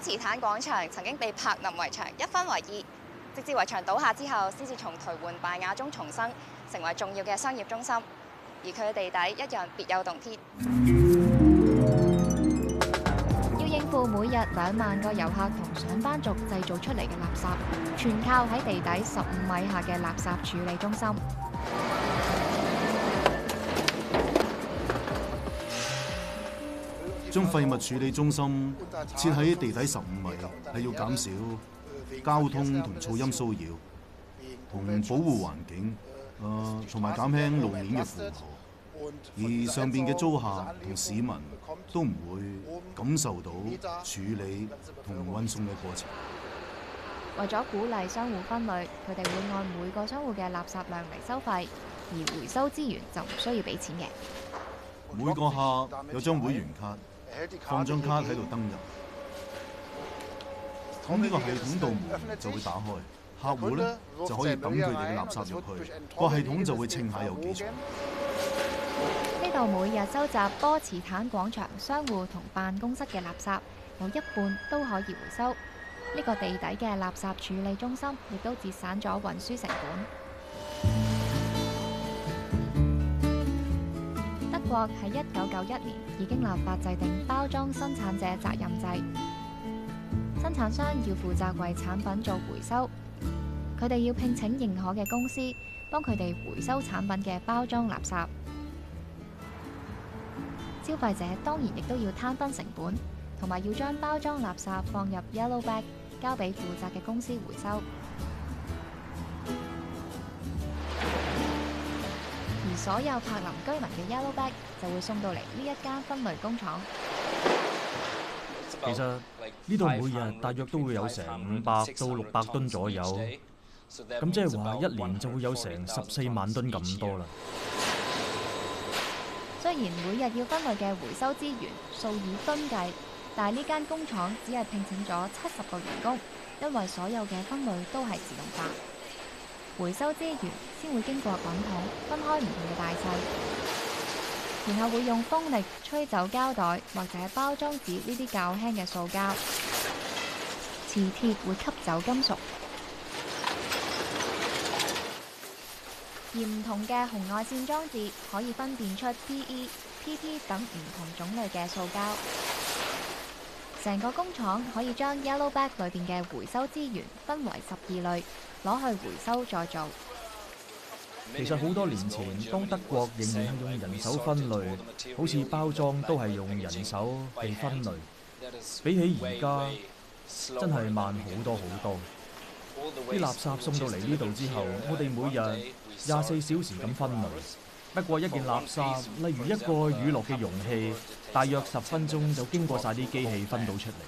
波茨坦廣場曾經被柏林圍牆一分為二，直至圍牆倒下之後，先至從頹垣敗瓦中重生，成為重要嘅商業中心。而佢嘅地底一樣別有洞天，要應付每日兩萬個遊客同上班族製造出嚟嘅垃圾，全靠喺地底十五米下嘅垃圾處理中心。將廢物處理中心設喺地底十五米，係要減少交通同噪音騷擾，同保護環境，誒、呃，同埋減輕路面嘅負荷。而上邊嘅租客同市民都唔會感受到處理同運送嘅過程。為咗鼓勵商戶分類，佢哋會按每個商戶嘅垃圾量嚟收費，而回收資源就唔需要俾錢嘅。每個客有張會員卡。放張卡喺度登入，咁呢個系統度門就會打開，客戶咧就可以揼佢哋嘅垃圾入去，個系統就會稱下有幾重。呢度每日收集波茨坦廣場商戶同辦公室嘅垃圾，有一半都可以回收。呢個地底嘅垃圾處理中心亦都節省咗運輸成本。德國喺一九九一年已經立法制定包裝生產者責任制，生產商要負責為產品做回收，佢哋要聘請認可嘅公司幫佢哋回收產品嘅包裝垃圾。消費者當然亦都要攤分成本，同埋要將包裝垃圾放入 yellow bag 交俾負責嘅公司回收。所有柏林居民嘅 yellow bag 就會送到嚟呢一間分類工廠。其實呢度每日大約都會有成五百到六百噸左右，咁即係話一年就會有成十四萬噸咁多啦。雖然每日要分類嘅回收資源數以噸計，但係呢間工廠只係聘請咗七十個員工，因為所有嘅分類都係自動化。回收資源先會經過滾筒分開唔同嘅大細，然後會用風力吹走膠袋或者包裝紙呢啲較輕嘅塑膠，磁鐵會吸走金屬，而唔同嘅紅外線裝置可以分辨出 PE、PP 等唔同種類嘅塑膠。成個工廠可以將 Yellow Bag 裏邊嘅回收資源分為十二類，攞去回收再造。其實好多年前，當德國仍然係用人手分類，好似包裝都係用人手去分類，比起而家真係慢好多好多。啲垃圾送到嚟呢度之後，我哋每日廿四小時咁分類。不過一件垃圾，例如一個雨落嘅容器，大約十分鐘就經過晒啲機器分到出嚟。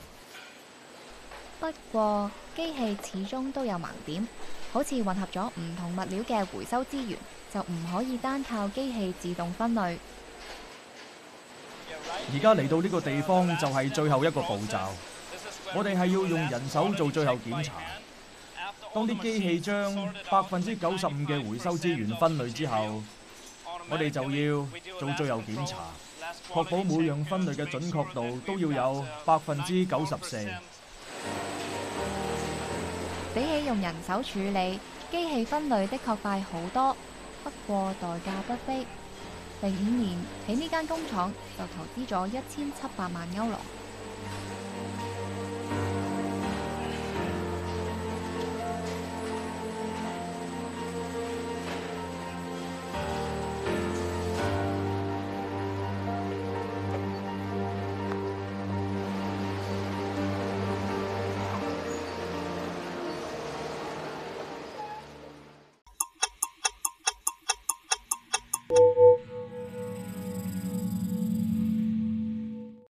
不過機器始終都有盲點，好似混合咗唔同物料嘅回收資源，就唔可以單靠機器自動分類。而家嚟到呢個地方就係最後一個步驟，我哋係要用人手做最後檢查。當啲機器將百分之九十五嘅回收資源分類之後，我哋就要做最後檢查，確保每樣分類嘅準確度都要有百分之九十四。比起用人手處理，機器分類的確快好多，不過代價不菲。零五年喺呢間工廠就投資咗一千七百萬歐羅。